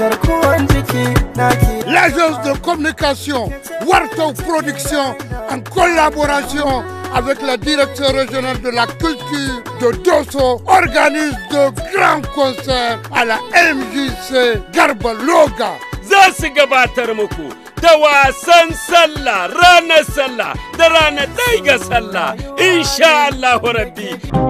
garkuwan jiki naki l'agence de communication Warto Production en collaboration avec la direction régionale de la culture de Dosso organise de grands concerts à la MJC Garba Loga zasu gabatar muku da wasan sallah ranar sallah da ranar daiga sallah insha Allah rabbi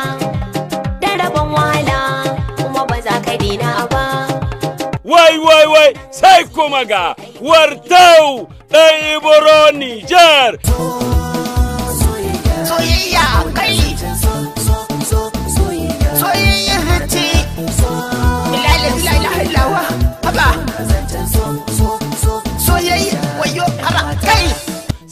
wai wai wai sai kuma ga wartau ɗan iboro nijar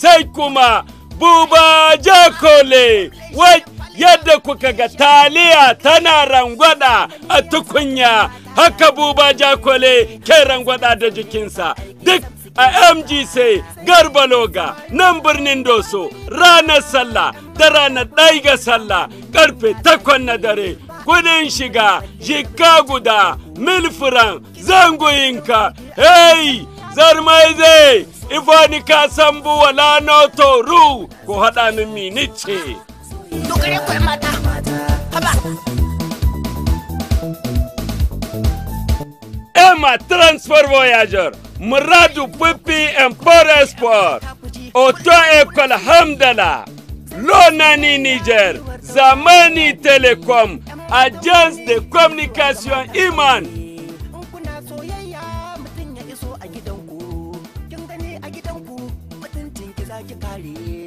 sai kuma buba jakole wai yadda kuka ga taliya tana rangwada a tukunya haka buba jakole ke rangwada da jikinsa duk a mgc garbaloga nan birnin doso ranar sallah da ranar ɗai ga sallah karfe takwan na dare kudin shiga jika guda milfiran zangoyinka hey zarmai zai ifani ka san buwa ru ko haɗa ni minice dogare ku mata haba Emma Transfer Voyager Muradu Pipi Empore Sport Oto Ekol Hamdala Lonani Niger Zamani Telecom Agence de Communication Iman a gidanku,